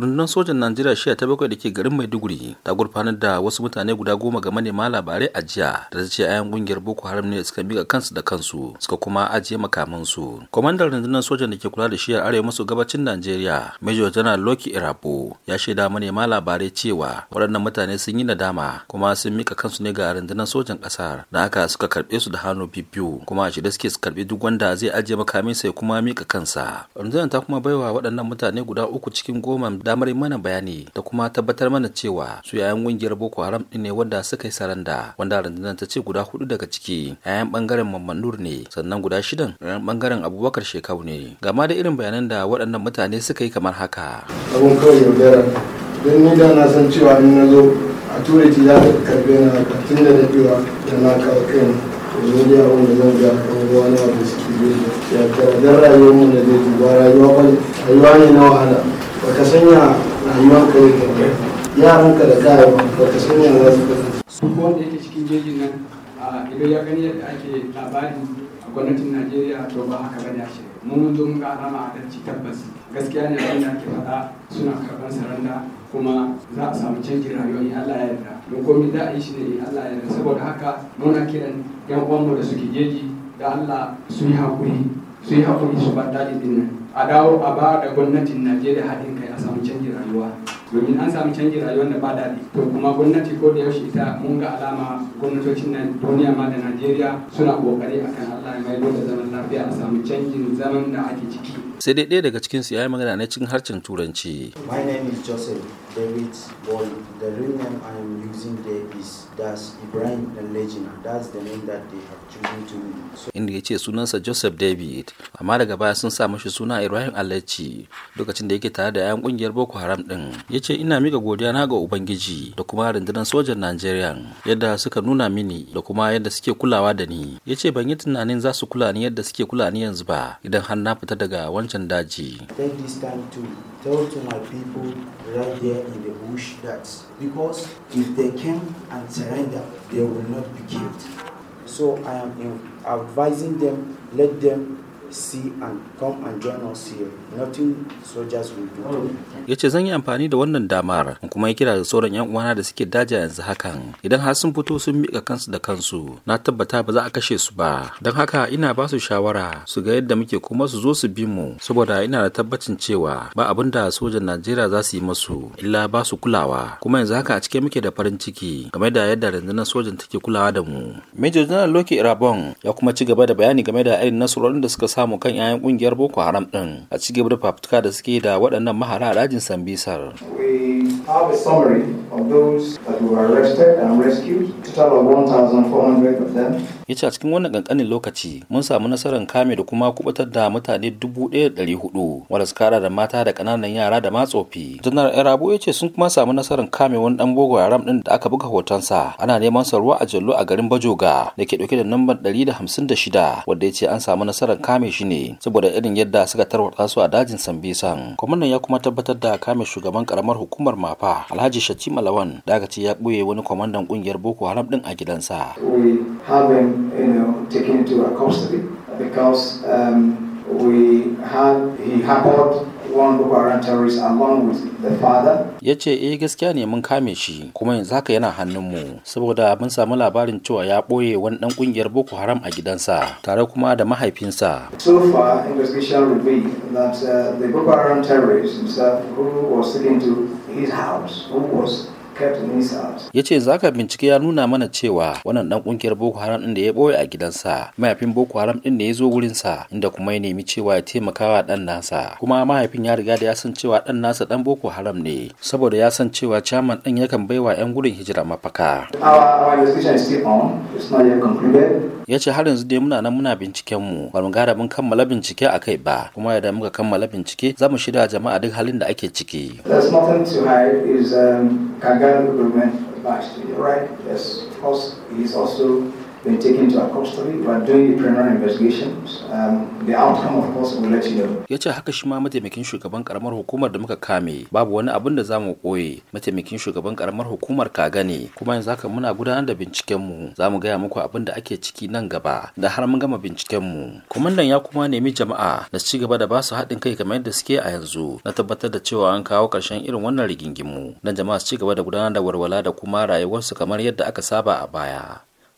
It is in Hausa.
rundunar sojan najeriya shiya ta bakwai da ke garin maiduguri ta gurfanar da wasu mutane guda goma ga manema labarai a jiya da ta ce ayan kungiyar boko haram ne suka miƙa kansu da kansu suka kuma ajiye makamansu kwamandan rundunar sojan da ke kula da shiyar arewa maso gabacin najeriya major general loki irabo ya shaida manema labarai cewa waɗannan mutane sun yi nadama kuma sun miƙa kansu ne ga rundunar sojan ƙasar da aka suka karɓe su da hannu biyu kuma a shida suke su karɓi duk wanda zai ajiye makamin sai kuma mika kansa rundunar ta kuma baiwa waɗannan mutane guda uku cikin goma damar mana bayani da kuma tabbatar mana cewa su yayan kungiyar Boko Haram din ne wanda suka yi saranda wanda rundunar ta ce guda hudu daga ciki yayan bangaren Mamman Nur ne sannan guda shidan yayan bangaren Abubakar Shekau ne gama da irin bayanan da waɗannan mutane suka yi kamar haka abun kawai yaudara don ni da na san cewa in na zo a turai ta karbe na tun da na biwa da na kawo kaina domin da yawon da zan ga ruwa na da suke yi ya kara rayuwar mu da zai duba rayuwa ba rayuwa ne na wahala ba ka sanya rayuwar ka yi kamar yaran ka da kaya ba ba ka sanya za su su wanda yake cikin jejin nan idan ya gani yadda ake labari a gwamnatin najeriya to ba haka bane mun zo alama a kan tabbas gaskiya ne abin da ake faɗa suna karɓar saranda kuma za a samu canjin rayuwar don da za a yi shi ne Allah ya saboda haka muna kiran yan uwanmu da suke jeji da Allah su yi hakuri su yi hakuri su ba daɗi dinnan nan a dawo a ba da gwamnatin Najeriya haɗin kai a samu canji rayuwa domin an samu canjin rayuwar da ba daɗi to kuma gwamnati ko da yaushe ita mun ga alama gwamnatocin nan duniya ma da najeriya suna kokari akan allah ya maido da zaman lafiya a samu canjin zaman da ake ciki sai dai daya daga cikin su ya yi magana na cikin harshen turanci my name is joseph david boy the real name i am using there is das ibrahim legina that's the name that they have chosen to me inda ya ce sunansa joseph david amma daga baya sun sa mashi suna ibrahim alaci lokacin da yake tare da 'yan kungiyar boko haram Sam din ya ce ina mika godiya na ga Ubangiji da kuma rundunar sojan Najeriya yadda suka nuna mini da kuma yadda suke kulawa da ni. Ya ce ban yi tunanin za su kula ni yadda suke kula ni yanzu ba idan har na fita daga wancan daji. Take this time tell to my people right there in the bush that because if they came and surrender they will not be killed. So I am advising them let them see and come and join us here. Nothing soldiers will do. yace zan yi amfani da wannan damar kuma ya kira da sauran 'yan uwana da suke daja yanzu hakan. Idan har sun fito sun miƙa kansu da kansu, na tabbata ba za a kashe su ba. Don haka ina ba su shawara su ga yadda muke kuma su zo su bi mu saboda ina da tabbacin cewa ba abin da sojan Najeriya za su yi masu illa ba su kulawa. Kuma yanzu haka a cikin muke da farin ciki game da yadda rundunar sojan take kulawa da mu. Major General Loki Irabon ya kuma ci gaba da bayani game da irin nasarorin da suka samu kan 'ya'yan kungiyar boko haram din a cikin da fafutuka da suke da waɗannan mahara a rajin sambisar have a summary of those that were arrested and rescued, total of 1,400 of them. ya a cikin wannan kankanin lokaci mun samu nasarar kame da kuma kubutar da mutane 1,400 wanda suka da mata da ƙananan yara da matsofi janar erabu ya ce sun kuma samu nasarar kame wani dan bogo haram din da aka buga hotonsa ana neman sa ruwa a jallo a garin bajoga da ke dauke da hamsin da shida wanda ya ce an samu nasarar kame shi ne saboda irin yadda suka tarwatsa su a dajin sambisan kwamanan ya kuma tabbatar da kame shugaban karamar hukumar mafi Mustapha alhaji shatima lawan daga ce ya ɓoye wani kwamandan ƙungiyar boko haram ɗin a gidansa um, Ya ce eh gaskiya ne mun kame shi kuma yanzu haka yana hannunmu saboda mun samu labarin cewa ya ɓoye wani ɗan ƙungiyar Boko Haram a gidansa tare kuma da mahaifinsa. So far investigation revealed that uh, the Boko Haram terrorist himself who was seeking to ya ce zaka bincike ya nuna mana cewa wannan dan kungiyar boko haram din da ya boye a gidansa mahaifin boko haram din da ya zo wurin sa inda kuma ya nemi cewa ya taimaka wa dan nasa kuma mahaifin ya riga da ya san cewa dan nasa dan boko haram ne saboda ya san cewa chairman din yakan baiwa yan gurin hijira mafaka ya ce har yanzu dai muna nan muna binciken mu ba mu gara mun kammala bincike a kai ba kuma idan muka kammala bincike za mu shirya jama'a duk halin da ake ciki. Um, right? Yes, is also been taken to a custody. We are doing the preliminary investigations. Um, the outcome, of course, will let you know. Ya ce haka shi ma mataimakin shugaban karamar hukumar da muka kame babu wani abin da zamu mu koye mataimakin shugaban karamar hukumar kaga ne kuma yanzu haka muna gudanar da bincikenmu za mu gaya muku abin da ake ciki nan gaba da har mun gama bincikenmu. Kwamandan ya kuma nemi jama'a da ci gaba da ba su haɗin kai kamar yadda suke a yanzu na tabbatar da cewa an kawo ƙarshen irin wannan rigingimu na jama'a su ci gaba da gudanar da warwala da kuma rayuwarsu kamar yadda aka saba a baya.